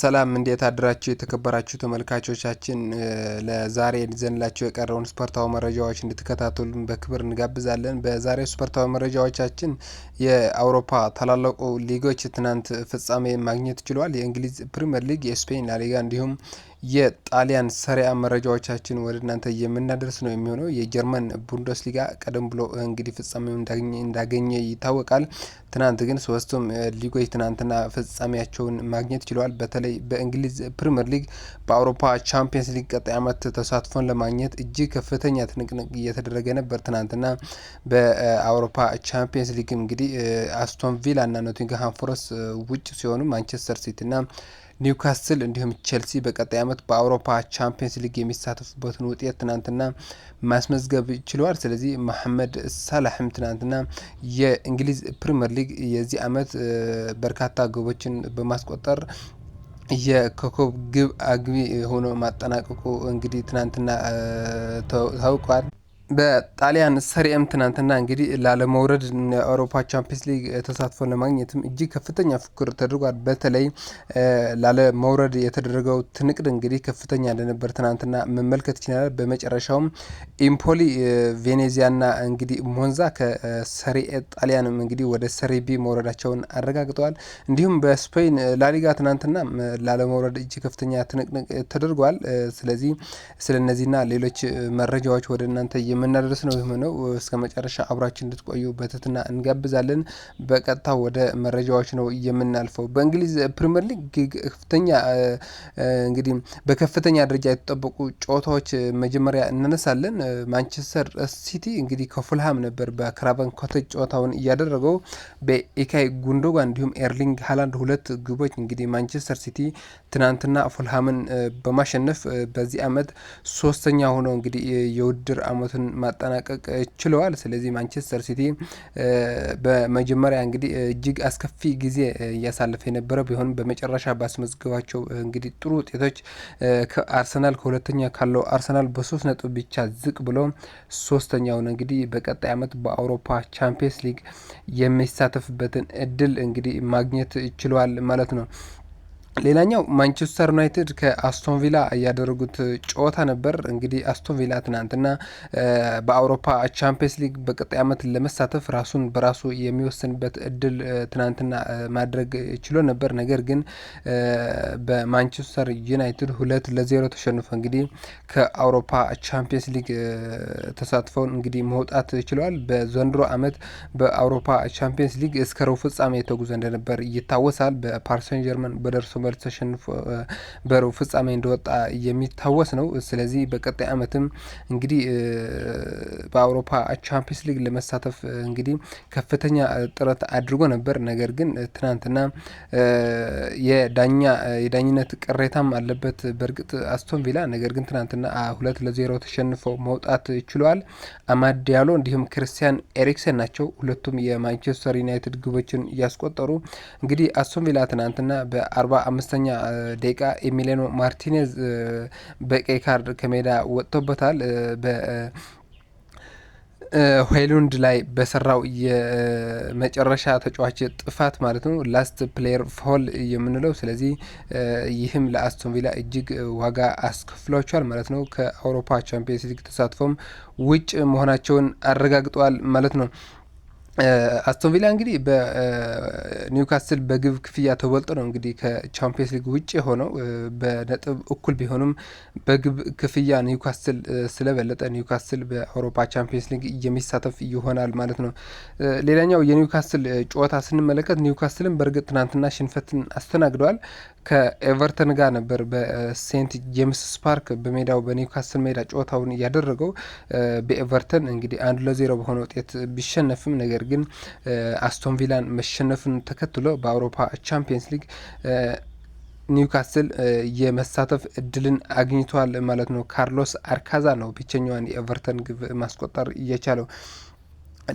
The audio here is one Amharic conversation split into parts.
ሰላም እንዴት አድራችሁ? የተከበራችሁ ተመልካቾቻችን ለዛሬ ዘንላችሁ የቀረውን ስፖርታዊ መረጃዎች እንድትከታተሉን በክብር እንጋብዛለን። በዛሬ ስፖርታዊ መረጃዎቻችን የአውሮፓ ታላላቁ ሊጎች ትናንት ፍጻሜ ማግኘት ችሏል። የእንግሊዝ ፕሪምየር ሊግ፣ የስፔን ላሊጋ እንዲሁም የጣሊያን ሰሪያ መረጃዎቻችን ወደ እናንተ የምናደርስ ነው የሚሆነው። የጀርመን ቡንደስሊጋ ቀደም ብሎ እንግዲህ ፍጻሜው እንዳገኘ ይታወቃል። ትናንት ግን ሶስቱም ሊጎች ትናንትና ፍጻሜያቸውን ማግኘት ችለዋል። በተለይ በእንግሊዝ ፕሪምየር ሊግ፣ በአውሮፓ ቻምፒየንስ ሊግ ቀጣይ ዓመት ተሳትፎን ለማግኘት እጅግ ከፍተኛ ትንቅንቅ እየተደረገ ነበር። ትናንትና በአውሮፓ ቻምፒየንስ ሊግ እንግዲህ አስቶን ቪላ እና ኖቲንግሃም ፎረስት ውጭ ሲሆኑ ማንቸስተር ሲቲ ና ኒውካስል እንዲሁም ቼልሲ በቀጣይ ዓመት በአውሮፓ ቻምፒየንስ ሊግ የሚሳተፉበትን ውጤት ትናንትና ማስመዝገብ ችለዋል። ስለዚህ መሐመድ ሳላህም ትናንትና የእንግሊዝ ፕሪምየር ሊግ የዚህ ዓመት በርካታ ግቦችን በማስቆጠር የኮከብ ግብ አግቢ ሆኖ ማጠናቀቁ እንግዲህ ትናንትና ታውቋል። በጣሊያን ሰሪኤም ትናንትና እንግዲህ ላለመውረድ የአውሮፓ ቻምፒየንስ ሊግ ተሳትፎ ለማግኘትም እጅግ ከፍተኛ ፉክክር ተደርጓል። በተለይ ላለመውረድ የተደረገው ትንቅድ እንግዲህ ከፍተኛ እንደነበር ትናንትና መመልከት ይችላል። በመጨረሻውም ኢምፖሊ፣ ቬኔዚያና እንግዲህ ሞንዛ ከሰሪኤ ጣሊያንም እንግዲህ ወደ ሰሪቢ መውረዳቸውን አረጋግጠዋል። እንዲሁም በስፔን ላሊጋ ትናንትና ላለመውረድ እጅግ ከፍተኛ ትንቅንቅ ተደርጓል። ስለዚህ ስለነዚህና ሌሎች መረጃዎች ወደ እናንተ የምናደርስ ነው የሚሆነው። እስከ መጨረሻ አብራችን እንድትቆዩ በትህትና እንጋብዛለን። በቀጥታ ወደ መረጃዎች ነው የምናልፈው። በእንግሊዝ ፕሪምየር ሊግ ከፍተኛ እንግዲህ በከፍተኛ ደረጃ የተጠበቁ ጨዋታዎች መጀመሪያ እናነሳለን። ማንቸስተር ሲቲ እንግዲህ ከፉልሃም ነበር በክራቨን ኮቴጅ ጨዋታውን እያደረገው በኢካይ ጉንዶጋ እንዲሁም ኤርሊንግ ሃላንድ ሁለት ግቦች እንግዲህ ማንቸስተር ሲቲ ትናንትና ፉልሃምን በማሸነፍ በዚህ አመት ሶስተኛ ሆኖ እንግዲህ የውድድር አመቱን ጨዋታን ማጠናቀቅ ችለዋል። ስለዚህ ማንቸስተር ሲቲ በመጀመሪያ እንግዲህ እጅግ አስከፊ ጊዜ እያሳለፈ የነበረ ቢሆንም በመጨረሻ ባስመዝገባቸው እንግዲህ ጥሩ ውጤቶች አርሰናል ከሁለተኛ ካለው አርሰናል በሶስት ነጥብ ብቻ ዝቅ ብሎ ሶስተኛውን እንግዲህ በቀጣይ አመት በአውሮፓ ቻምፒየንስ ሊግ የሚሳተፍበትን እድል እንግዲህ ማግኘት ችለዋል ማለት ነው። ሌላኛው ማንቸስተር ዩናይትድ ከአስቶን ቪላ ያደረጉት ጨዋታ ነበር። እንግዲህ አስቶን ቪላ ትናንትና በአውሮፓ ቻምፒየንስ ሊግ በቀጣይ ዓመት ለመሳተፍ ራሱን በራሱ የሚወስንበት እድል ትናንትና ማድረግ ችሎ ነበር። ነገር ግን በማንቸስተር ዩናይትድ ሁለት ለዜሮ ተሸንፎ እንግዲህ ከአውሮፓ ቻምፒየንስ ሊግ ተሳትፈውን እንግዲህ መውጣት ችለዋል። በዘንድሮ ዓመት በአውሮፓ ቻምፒየንስ ሊግ እስከ ሩብ ፍጻሜ የተጉዞ እንደነበር ይታወሳል። በፓሪስ ጀርመን በደርሶ በመቶ ተሸንፎ በሩብ ፍጻሜ እንደወጣ የሚታወስ ነው። ስለዚህ በቀጣይ ዓመትም እንግዲህ በአውሮፓ ቻምፒየንስ ሊግ ለመሳተፍ እንግዲህ ከፍተኛ ጥረት አድርጎ ነበር። ነገር ግን ትናንትና የዳኛ የዳኝነት ቅሬታም አለበት በእርግጥ አስቶን ቪላ። ነገር ግን ትናንትና ሁለት ለዜሮ ተሸንፎ መውጣት ችለዋል። አማድ ዲያሎ እንዲሁም ክርስቲያን ኤሪክሰን ናቸው ሁለቱም የማንቸስተር ዩናይትድ ግቦችን እያስቆጠሩ እንግዲህ አስቶን ቪላ ትናንትና በአርባ አምስተኛ ደቂቃ ኤሚሊያኖ ማርቲኔዝ በቀይ ካርድ ከሜዳ ወጥቶበታል። በ ሆይሉንድ ላይ በሰራው የመጨረሻ ተጫዋች ጥፋት ማለት ነው፣ ላስት ፕሌየር ፎል የምንለው። ስለዚህ ይህም ለአስቶን ቪላ እጅግ ዋጋ አስከፍሏቸዋል ማለት ነው። ከአውሮፓ ቻምፒየንስ ሊግ ተሳትፎም ውጭ መሆናቸውን አረጋግጠዋል ማለት ነው። አስቶን ቪላ እንግዲህ ኒውካስል በግብ ክፍያ ተበልጦ ነው እንግዲህ ከቻምፒየንስ ሊግ ውጭ የሆነው በነጥብ እኩል ቢሆንም በግብ ክፍያ ኒውካስል ስለበለጠ ኒውካስል በአውሮፓ ቻምፒየንስ ሊግ የሚሳተፍ ይሆናል ማለት ነው። ሌላኛው የኒውካስል ጨዋታ ስንመለከት ኒውካስልን በእርግጥ ትናንትና ሽንፈትን አስተናግደዋል። ከኤቨርተን ጋር ነበር በሴንት ጄምስ ፓርክ በሜዳው በኒውካስል ሜዳ ጨዋታውን እያደረገው በኤቨርተን እንግዲህ አንድ ለዜሮ በሆነ ውጤት ቢሸነፍም ነገር ግን አስቶን ቪላን መሸነፍን ተከትሎ በአውሮፓ ቻምፒየንስ ሊግ ኒውካስል የመሳተፍ እድልን አግኝቷል ማለት ነው። ካርሎስ አርካዛ ነው ብቸኛዋን የኤቨርተን ግብ ማስቆጠር እየቻለው።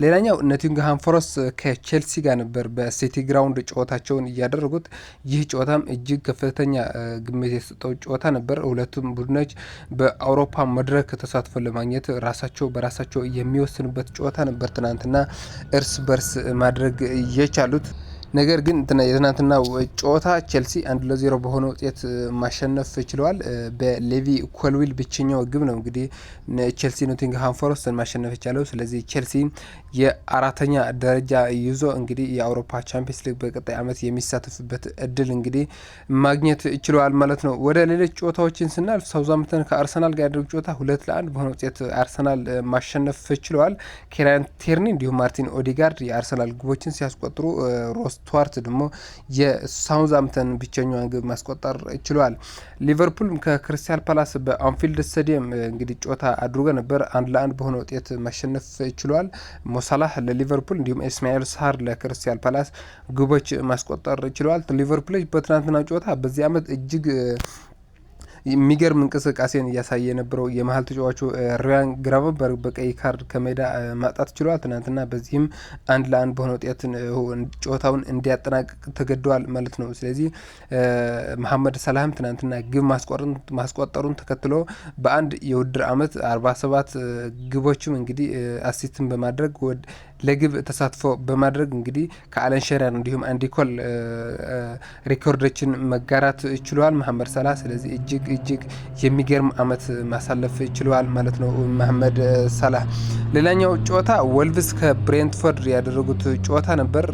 ሌላኛው ኖቲንግሃም ፎረስት ከቼልሲ ጋር ነበር በሲቲ ግራውንድ ጨዋታቸውን እያደረጉት። ይህ ጨዋታም እጅግ ከፍተኛ ግምት የተሰጠው ጨዋታ ነበር። ሁለቱም ቡድኖች በአውሮፓ መድረክ ተሳትፎ ለማግኘት ራሳቸው በራሳቸው የሚወስኑበት ጨዋታ ነበር። ትናንትና እርስ በርስ ማድረግ የቻሉት ነገር ግን የትናንትና ጨዋታ ቼልሲ አንድ ለዜሮ በሆነ ውጤት ማሸነፍ ችለዋል። በሌቪ ኮልዊል ብቸኛው ግብ ነው እንግዲህ ቼልሲ ኖቲንግሃም ፎረስትን ማሸነፍ የቻለው። ስለዚህ ቼልሲ የአራተኛ ደረጃ ይዞ እንግዲህ የአውሮፓ ቻምፒየንስ ሊግ በቀጣይ ዓመት የሚሳተፍበት እድል እንግዲህ ማግኘት ችለዋል ማለት ነው። ወደ ሌሎች ጨዋታዎችን ስናልፍ ሳውዛምተን ከአርሰናል ጋር ያደረጉ ጨዋታ ሁለት ለአንድ በሆነ ውጤት አርሰናል ማሸነፍ ችለዋል። ኬራን ቴርኒ እንዲሁም ማርቲን ኦዲጋርድ የአርሰናል ግቦችን ሲያስቆጥሩ ሮስ ስቱዋርት ደግሞ የሳውዛምተን ብቸኛዋን ግብ ማስቆጠር ችሏል። ሊቨርፑል ከክሪስታል ፓላስ በአንፊልድ ስታዲየም እንግዲህ ጨዋታ አድርጎ ነበር። አንድ ለአንድ በሆነ ውጤት ማሸነፍ ችሏል። ሞሳላህ ለሊቨርፑል እንዲሁም ኢስማኤል ሳር ለክሪስታል ፓላስ ግቦች ማስቆጠር ችለዋል። ሊቨርፑሎች በትናንትና ጨዋታ በዚህ አመት እጅግ የሚገርም እንቅስቃሴን እያሳየ የነበረው የመሀል ተጫዋቹ ሪያን ግራቨንበርግ በቀይ ካርድ ከሜዳ ማጣት ችሏል። ትናንትና በዚህም አንድ ለአንድ በሆነ ውጤት ጨዋታውን እንዲያጠናቅቅ ተገደዋል ማለት ነው። ስለዚህ መሐመድ ሰላህም ትናንትና ግብ ማስቆጠሩን ተከትሎ በአንድ የውድድር አመት አርባ ሰባት ግቦችም እንግዲህ አሲስትን በማድረግ ለግብ ተሳትፎ በማድረግ እንግዲህ ከአለን ሸሪያን እንዲሁም አንዲኮል ሪኮርዶችን መጋራት ችለዋል መሐመድ ሰላ። ስለዚህ እጅግ እጅግ የሚገርም አመት ማሳለፍ ችለዋል ማለት ነው መሐመድ ሰላ። ሌላኛው ጨዋታ ወልቭስ ከብሬንትፎርድ ያደረጉት ጨዋታ ነበር።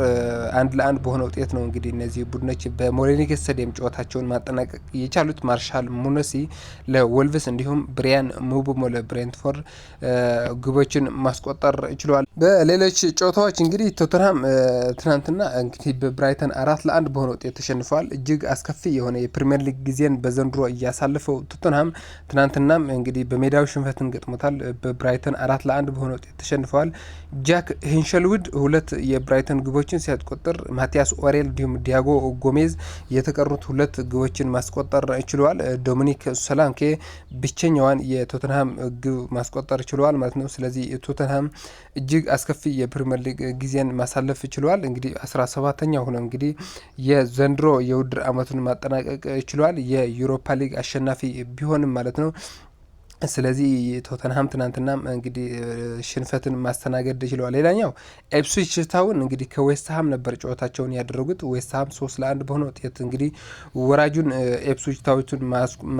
አንድ ለአንድ በሆነ ውጤት ነው እንግዲህ እነዚህ ቡድኖች በሞሊኒክ ስታዲየም ጨዋታቸውን ማጠናቀቅ የቻሉት ማርሻል ሙነሲ ለወልቭስ እንዲሁም ብሪያን ሙቡሞ ለብሬንትፎርድ ግቦችን ማስቆጠር ችለዋል። በሌሎች ሌሎች ጨዋታዎች እንግዲህ ቶተንሃም ትናንትና እንግዲህ በብራይተን አራት ለአንድ በሆነ ውጤት ተሸንፈዋል። እጅግ አስከፊ የሆነ የፕሪምየር ሊግ ጊዜን በዘንድሮ እያሳለፈው ቶተንሃም ትናንትናም እንግዲህ በሜዳው ሽንፈትን ገጥሞታል። በብራይተን አራት ለአንድ በሆነ ውጤት ተሸንፈዋል። ጃክ ሂንሸልውድ ሁለት የብራይተን ግቦችን ሲያስቆጥር ማቲያስ ኦሬል እንዲሁም ዲያጎ ጎሜዝ የተቀሩት ሁለት ግቦችን ማስቆጠር ችለዋል። ዶሚኒክ ሶላንኬ ብቸኛዋን የቶተንሃም ግብ ማስቆጠር ችለዋል ማለት ነው። ስለዚህ ቶተንሃም እጅግ አስከፊ የፕሪምየር ሊግ ጊዜን ማሳለፍ ችሏል። እንግዲህ አስራ ሰባተኛ ሆነው እንግዲህ የዘንድሮ የውድድር አመቱን ማጠናቀቅ ችሏል። የዩሮፓ ሊግ አሸናፊ ቢሆንም ማለት ነው። ስለዚህ ቶተንሃም ትናንትና እንግዲህ ሽንፈትን ማስተናገድ ችለዋል። ሌላኛው ኤፕስዊች ታውን እንግዲህ ከዌስትሃም ነበር ጨዋታቸውን ያደረጉት። ዌስትሃም ሶስት ለአንድ በሆነ ውጤት እንግዲህ ወራጁን ኤፕስዊች ታውንስን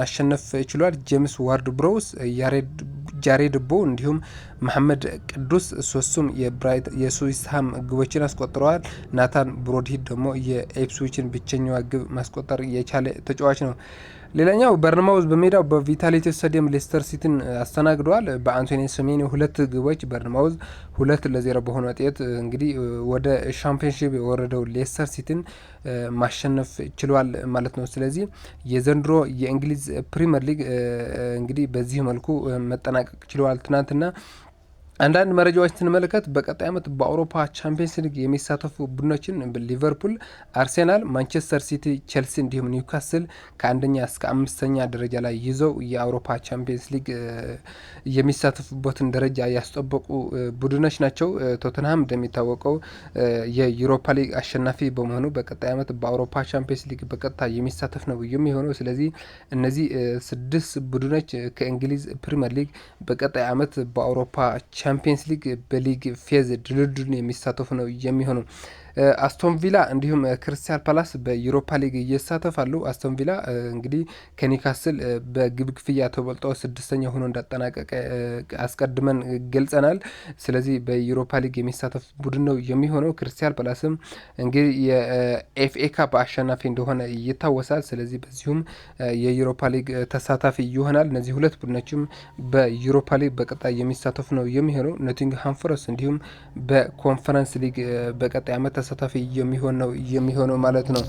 ማሸነፍ ችሏል። ጄምስ ዋርድ ብሮውስ ያሬድ ጃሬድ ቦ እንዲሁም መሐመድ ቅዱስ ሶስቱም የስዊስሃም ግቦችን አስቆጥረዋል። ናታን ብሮድሂድ ደግሞ የኤፕስዊችን ብቸኛዋ ግብ ማስቆጠር የቻለ ተጫዋች ነው። ሌላኛው በርንማውዝ በሜዳው በቪታሊቲ ስታዲየም ሌስተር ሲቲን አስተናግደዋል። በአንቶኒ ሰሜኒ ሁለት ግቦች በርንማውዝ ሁለት ለዜሮ በሆነ ውጤት እንግዲህ ወደ ሻምፒዮንሺፕ የወረደው ሌስተር ሲቲን ማሸነፍ ችሏል ማለት ነው። ስለዚህ የዘንድሮ የእንግሊዝ ፕሪምየር ሊግ እንግዲህ በዚህ መልኩ መጠናቀቅ ችለዋል። ትናንትና አንዳንድ መረጃዎች ስንመለከት በቀጣይ ዓመት በአውሮፓ ቻምፒየንስ ሊግ የሚሳተፉ ቡድኖችን ሊቨርፑል፣ አርሴናል፣ ማንቸስተር ሲቲ፣ ቸልሲ እንዲሁም ኒውካስል ከአንደኛ እስከ አምስተኛ ደረጃ ላይ ይዘው የአውሮፓ ቻምፒየንስ ሊግ የሚሳተፉበትን ደረጃ ያስጠበቁ ቡድኖች ናቸው። ቶተንሃም እንደሚታወቀው የዩሮፓ ሊግ አሸናፊ በመሆኑ በቀጣይ ዓመት በአውሮፓ ቻምፒየንስ ሊግ በቀጥታ የሚሳተፍ ነው የሚሆነው። ስለዚህ እነዚህ ስድስት ቡድኖች ከእንግሊዝ ፕሪምየር ሊግ በቀጣይ ዓመት በአውሮፓ ቻምፒየንስ ሊግ በሊግ ፌዝ ድልድሉን የሚሳተፉ ነው የሚሆነው። አስቶን ቪላ እንዲሁም ክርስቲያን ፓላስ በዩሮፓ ሊግ እየሳተፋሉ። አስቶን ቪላ እንግዲህ ከኒካስል በግብ ክፍያ ተበልጦ ስድስተኛ ሆኖ እንዳጠናቀቀ አስቀድመን ገልጸናል። ስለዚህ በዩሮፓ ሊግ የሚሳተፍ ቡድን ነው የሚሆነው። ክርስቲያን ፓላስም እንግዲህ የኤፍኤ ካፕ አሸናፊ እንደሆነ ይታወሳል። ስለዚህ በዚሁም የዩሮፓ ሊግ ተሳታፊ ይሆናል። እነዚህ ሁለት ቡድኖችም በዩሮፓ ሊግ በቀጣይ የሚሳተፉ ነው የሚሆነው። ኖቲንግሃም ፎረስት እንዲሁም በኮንፈረንስ ሊግ በቀጣይ አመት ተሳታፊ የሚሆን ነው የሚሆነው ማለት ነው።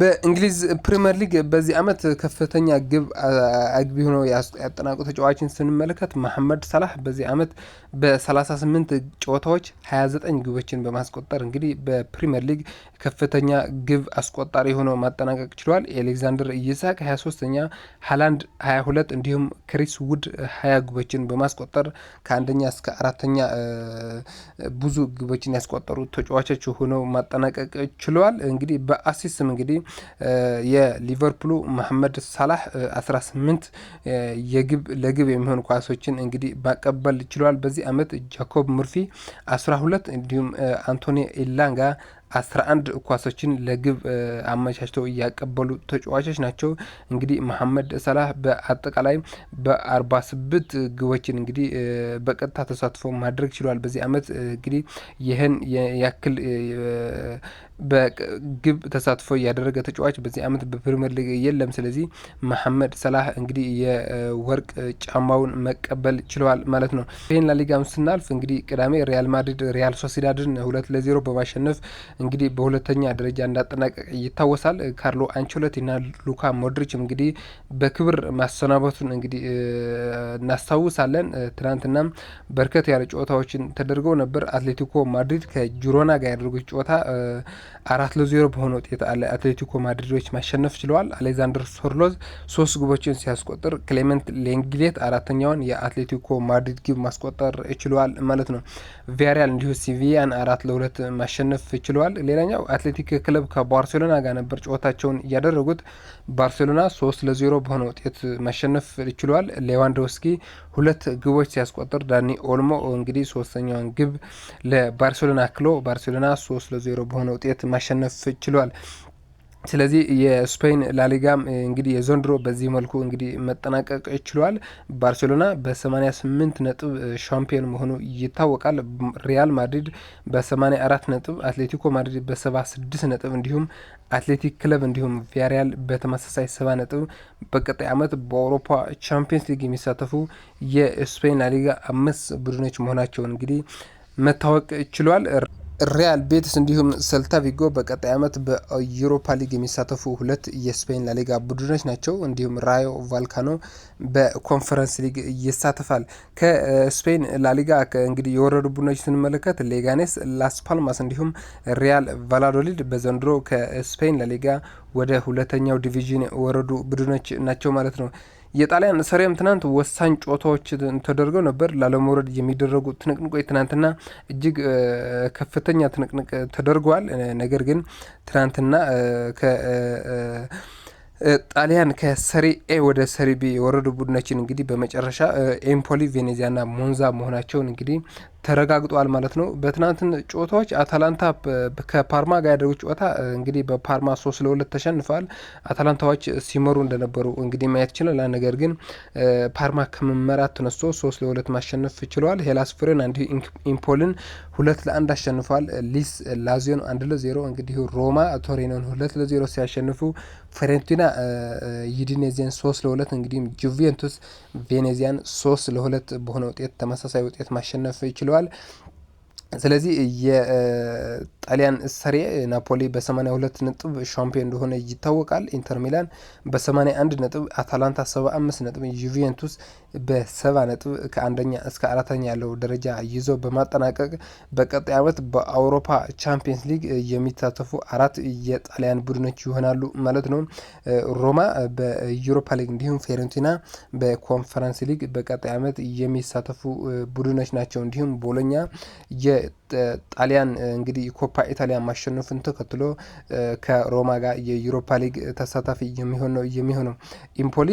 በእንግሊዝ ፕሪምየር ሊግ በዚህ ዓመት ከፍተኛ ግብ አግቢ ሆኖ ያጠናቁ ተጫዋችን ስንመለከት መሐመድ ሰላህ በዚህ ዓመት በ38 ጨዋታዎች 29 ግቦችን በማስቆጠር እንግዲህ በፕሪምየር ሊግ ከፍተኛ ግብ አስቆጣሪ ሆኖ ማጠናቀቅ ችሏል። ኤሌክዛንደር ይስሐቅ 23ኛ፣ ሃላንድ 22 እንዲሁም ክሪስ ውድ 20 ግቦችን በማስቆጠር ከአንደኛ እስከ አራተኛ ብዙ ግቦችን ያስቆጠሩ ተጫዋቾች ሆኖ ማጠናቀቅ ችለዋል። እንግዲህ በአሲስም እንግዲህ የሊቨርፑሉ መሐመድ ሳላህ 18 የግብ ለግብ የሚሆኑ ኳሶችን እንግዲህ ማቀበል ችሏል። በዚህ አመት ጃኮብ ሙርፊ 12 እንዲሁም አንቶኒ ኢላንጋ አስራ አንድ ኳሶችን ለግብ አመቻችተው እያቀበሉ ተጫዋቾች ናቸው። እንግዲህ መሐመድ ሰላህ በአጠቃላይ በአርባ 48 ግቦችን እንግዲህ በቀጥታ ተሳትፎ ማድረግ ችሏል። በዚህ አመት እንግዲህ ይህን ያክል በግብ ተሳትፎ ያደረገ ተጫዋች በዚህ አመት በፕሪምየር ሊግ የለም። ስለዚህ መሐመድ ሰላህ እንግዲህ የወርቅ ጫማውን መቀበል ችለዋል ማለት ነው። ይህን ላሊጋም ስናልፍ እንግዲህ ቅዳሜ ሪያል ማድሪድ ሪያል ሶሲዳድን ሁለት ለዜሮ በማሸነፍ እንግዲህ በሁለተኛ ደረጃ እንዳጠናቀቀ ይታወሳል። ካርሎ አንቸሎቲና ሉካ ሞድሪችም እንግዲህ በክብር ማሰናበቱን እንግዲህ እናስታውሳለን። ትናንትና በርከት ያለ ጨዋታዎችን ተደርገው ነበር። አትሌቲኮ ማድሪድ ከጂሮና ጋር ያደረጉት ጨዋታ አራት ለዜሮ በሆነ ውጤት አትሌቲኮ ማድሪዶች ማሸነፍ ችለዋል። አሌክዛንደር ሶርሎዝ ሶስት ግቦችን ሲያስቆጥር ክሌመንት ሌንግሌት አራተኛውን የአትሌቲኮ ማድሪድ ግብ ማስቆጠር ችለዋል ማለት ነው። ቪያሪያል እንዲሁ ሲቪያን አራት ለሁለት ማሸነፍ ችለዋል። ተሸንፏል። ሌላኛው አትሌቲክ ክለብ ከባርሴሎና ጋር ነበር ጨዋታቸውን እያደረጉት። ባርሴሎና ሶስት ለዜሮ በሆነ ውጤት መሸነፍ ችሏል። ሌዋንዶስኪ ሁለት ግቦች ሲያስቆጥር ዳኒ ኦልሞ እንግዲህ ሶስተኛውን ግብ ለባርሴሎና ክሎ ባርሴሎና ሶስት ለዜሮ በሆነ ውጤት ማሸነፍ ችሏል። ስለዚህ የስፔን ላሊጋም እንግዲህ የዘንድሮ በዚህ መልኩ እንግዲህ መጠናቀቅ ችሏል። ባርሴሎና በ88 ነጥብ ሻምፒዮን መሆኑ ይታወቃል። ሪያል ማድሪድ በ84 ነጥብ፣ አትሌቲኮ ማድሪድ በ76 ነጥብ እንዲሁም አትሌቲክ ክለብ እንዲሁም ቪያሪያል በተመሳሳይ ሰባ ነጥብ በቀጣይ ዓመት በአውሮፓ ቻምፒየንስ ሊግ የሚሳተፉ የስፔን ላሊጋ አምስት ቡድኖች መሆናቸውን እንግዲህ መታወቅ ችሏል። ሪያል ቤትስ እንዲሁም ሰልታ ቪጎ በቀጣይ ዓመት በዩሮፓ ሊግ የሚሳተፉ ሁለት የስፔን ላሊጋ ቡድኖች ናቸው። እንዲሁም ራዮ ቫልካኖ በኮንፈረንስ ሊግ ይሳተፋል። ከስፔን ላሊጋ እንግዲህ የወረዱ ቡድኖች ስንመለከት ሌጋኔስ፣ ላስ ፓልማስ እንዲሁም ሪያል ቫላዶሊድ በዘንድሮ ከስፔን ላሊጋ ወደ ሁለተኛው ዲቪዥን ወረዱ ቡድኖች ናቸው ማለት ነው። የጣሊያን ሰሪያም ትናንት ወሳኝ ጨዋታዎች ተደርገው ነበር። ላለመውረድ የሚደረጉ ትንቅንቆች ትናንትና እጅግ ከፍተኛ ትንቅንቅ ተደርገዋል። ነገር ግን ትናንትና ጣሊያን ከሰሪ ኤ ወደ ሰሪ ቢ የወረዱ ቡድኖችን እንግዲህ በመጨረሻ ኤምፖሊ፣ ና ሞንዛ መሆናቸውን እንግዲህ ተረጋግጧል ማለት ነው። በትናንትን ጨዋታዎች አታላንታ ከፓርማ ጋር ያደረጉት ጨዋታ እንግዲህ በፓርማ ሶስት ለሁለት ተሸንፏል አታላንታዎች ሲመሩ እንደነበሩ እንግዲህ ማየት ይችላል። ነገር ግን ፓርማ ከመመራት ተነስቶ ሶስት ለሁለት ማሸነፍ ችለዋል። ሄላስ ፍሬን አንዲሁ ኢምፖልን ሁለት ለአንድ አሸንፏል። ሊስ ላዚዮን አንድ ለዜሮ እንግዲህ ሮማ ቶሪኖን ሁለት ለዜሮ ሲያሸንፉ ፍሬንቲና ዩዲኔዚያን ሶስት ለሁለት እንግዲህ ጁቬንቱስ ቬኔዚያን ሶስት ለሁለት በሆነ ውጤት ተመሳሳይ ውጤት ማሸነፍ ችለዋል። ይባላል። ስለዚህ ጣሊያን ሰሪ ናፖሊ በ82 ነጥብ ሻምፒዮን እንደሆነ ይታወቃል። ኢንተር ሚላን በ81 ነጥብ፣ አታላንታ 75 ነጥብ፣ ዩቬንቱስ በ70 ነጥብ ከአንደኛ እስከ አራተኛ ያለው ደረጃ ይዞ በማጠናቀቅ በቀጣይ ዓመት በአውሮፓ ቻምፒየንስ ሊግ የሚሳተፉ አራት የጣሊያን ቡድኖች ይሆናሉ ማለት ነው። ሮማ በዩሮፓ ሊግ እንዲሁም ፌሬንቲና በኮንፈረንስ ሊግ በቀጣይ ዓመት የሚሳተፉ ቡድኖች ናቸው። እንዲሁም ቦሎኛ የጣሊያን እንግዲህ ኮፓ ኮፓ ኢታሊያ ማሸነፉን ተከትሎ ከሮማ ጋር የዩሮፓ ሊግ ተሳታፊ የሚሆን የሚሆነው። ኢምፖሊ፣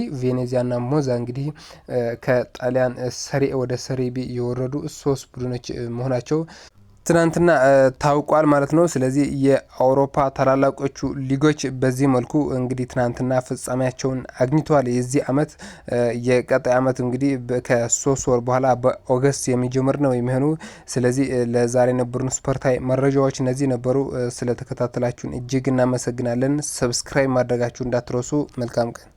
ና ሞዛ እንግዲህ ከጣሊያን ሰሪ ወደ ሰሪ ቢ የወረዱ ሶስት ቡድኖች መሆናቸው ትናንትና ታውቋል ማለት ነው። ስለዚህ የአውሮፓ ታላላቆቹ ሊጎች በዚህ መልኩ እንግዲህ ትናንትና ፍጻሜያቸውን አግኝተዋል። የዚህ አመት የቀጣይ አመት እንግዲህ ከሶስት ወር በኋላ በኦገስት የሚጀምር ነው የሚሆኑ። ስለዚህ ለዛሬ የነበሩን ስፖርታዊ መረጃዎች እነዚህ ነበሩ። ስለተከታተላችሁን እጅግ እናመሰግናለን። ሰብስክራይብ ማድረጋችሁ እንዳትረሱ። መልካም ቀን